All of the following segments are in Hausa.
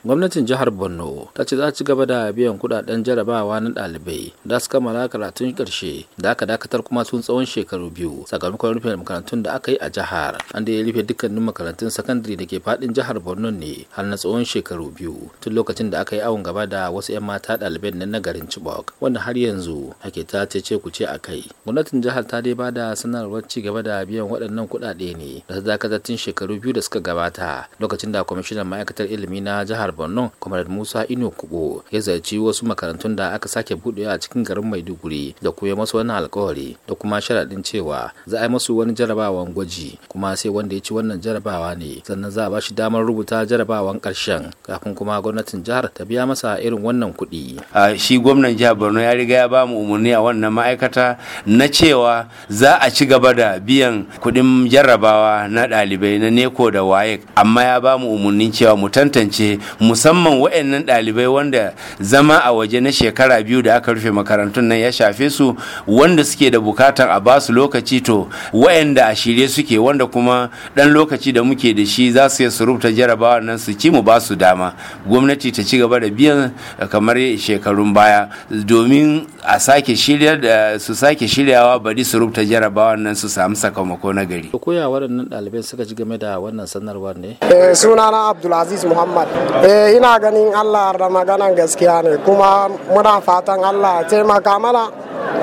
gwamnatin jihar borno ta ce za ci gaba da biyan kudaden jarabawa na ɗalibai da su kammala karatun karshe da aka dakatar kuma sun tsawon shekaru biyu sakamakon rufe makarantun da aka yi a jihar an da ya rufe dukkanin makarantun sakandare da ke faɗin jihar borno ne har na tsawon shekaru biyu tun lokacin da aka yi awon gaba da wasu 'yan mata ɗalibai na nagarin chibok wanda har yanzu ake ta ce ce ku ce a kai gwamnatin jihar ta dai bada sanarwar ci gaba da biyan waɗannan kuɗaɗe ne da ta dakatar tun shekaru biyu da suka gabata lokacin da kwamishinan ma'aikatar ilimi na jihar jihar borno kamar musa ino kubo ya zarci wasu makarantun da aka sake bude a cikin garin maiduguri da kuma masu wani alkawari da kuma sharaɗin cewa za a yi masu wani jarabawan gwaji kuma sai wanda ya ci wannan jarabawa ne sannan za a ba shi damar rubuta jarabawan ƙarshen kafin kuma gwamnatin jihar ta biya masa irin wannan kuɗi. shi gwamnan jihar borno ya riga ya ba mu umarni a wannan ma'aikata na cewa za a ci gaba da biyan kuɗin jarrabawa na ɗalibai na neko da waye amma ya ba mu umarnin cewa mu tantance musamman wa'annan ɗalibai wanda zama a waje na shekara biyu da aka rufe makarantun nan ya shafe su wanda suke da bukatan a ba su lokaci to wa'anda a shirye suke wanda kuma ɗan lokaci da muke da shi za su su rubuta jarabawa nan su ci mu ba su dama gwamnati ta ci gaba da biyan eh, kamar shekarun baya domin a sake shirya da su sake shiryawa bari su rubuta jarabawa nan su samu sakamako na gari. Koya waɗannan ɗalibai suka ci game da wannan sanarwar ne? Eh, sunana Abdulaziz Muhammad. Eh, eh ina ganin allah da maganan gaskiya ne kuma muna fatan allah taimaka mana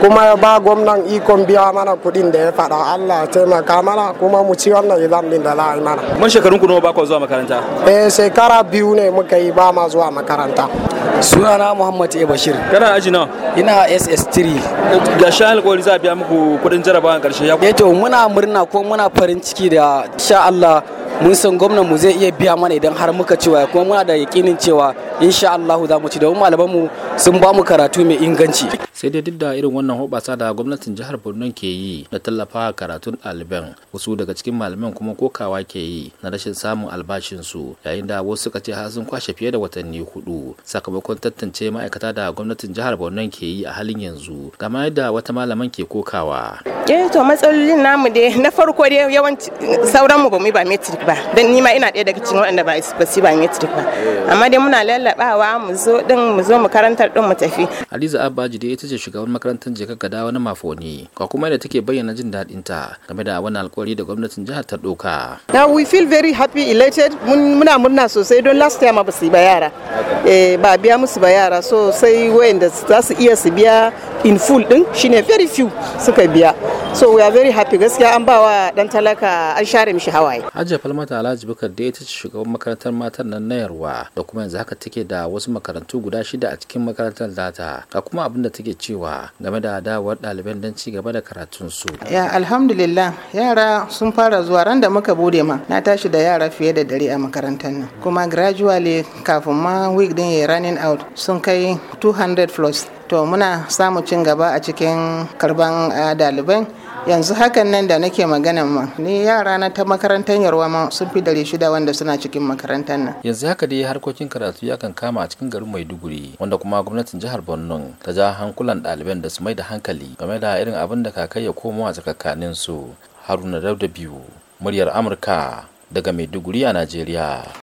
kuma ya ba gwamnan ikon biya mana kuɗin da ya faɗa Allah taimaka mana kuma mu ci wannan exam din da la'ayi mana. Mun shekarun ku ba ku zuwa makaranta? Eh shekara biyu ne muka yi ba ma zuwa makaranta. Sunana Muhammad E Bashir. Kana aji nawa? Ina SS3. Ga sha alƙawari za a biya muku kudin jarabawan ƙarshe ya. Eh to muna murna ko muna farin ciki da sha Allah mun san gwamnan mu zai iya biya mana idan har muka cewa kuma muna da yakinin cewa insha Allah za mu ci da malaman mu sun ba mu karatu mai inganci sai dai duk da irin wannan hoɓasa da gwamnatin jihar Borno ke yi da tallafa karatun ɗaliban wasu daga cikin malaman kuma kokawa ke yi na rashin samun albashin su yayin da wasu suka ce har sun kwashe fiye da watanni hudu sakamakon tantance ma'aikata da gwamnatin jihar Borno ke yi a halin yanzu kamar yadda wata malaman ke kokawa eh to matsalolin namu dai na farko dai yawanci sauran mu ba mu ba metric ba don nima ina ɗaya daga cikin waɗanda ba ba su ba metric ba eh. amma dai muna lallabawa mu zo ɗin mu zo mu karantar mu tafi Hadiza Abaji dai ita ce shugaban makarantar Jeka Gadawa na Mafoni ga kuma da take bayyana jin daɗin ta game da wani alƙawari da gwamnatin jihar ta ɗauka Now we feel very happy elated muna murna sosai don last time ba su ba yara eh, ba biya musu ba yara so sai wayanda za su iya su biya in full din shine very few suka biya so we are very happy gaskiya an bawa dan talaka an share mishi hawaye hajja falmata alhaji bukar da ita ce shugaban makarantar matan nan na yarwa da kuma yanzu haka take da wasu makarantu guda shida a cikin makarantar data ka kuma abin da take cewa game da dawar ɗaliban don ci gaba da karatun su ya alhamdulillah yara sun fara zuwa ran da muka bude ma na tashi da yara fiye da dare a makarantar nan kuma gradually kafin ma week din ya running out sun kai 200 plus to muna samu cin gaba a cikin karban daliban, yanzu hakan nan da nake magana ma ni yara na ta makarantar yarwa ma sun fi dari shida wanda suna cikin makarantar nan yanzu haka dai harkokin karatu ya kan kama a cikin garin maiduguri wanda kuma gwamnatin jihar borno ta ja hankulan ɗaliban da su mai da hankali game da irin abin da kakai ya komo a tsakakanin su haruna dauda biyu muryar amurka daga maiduguri a najeriya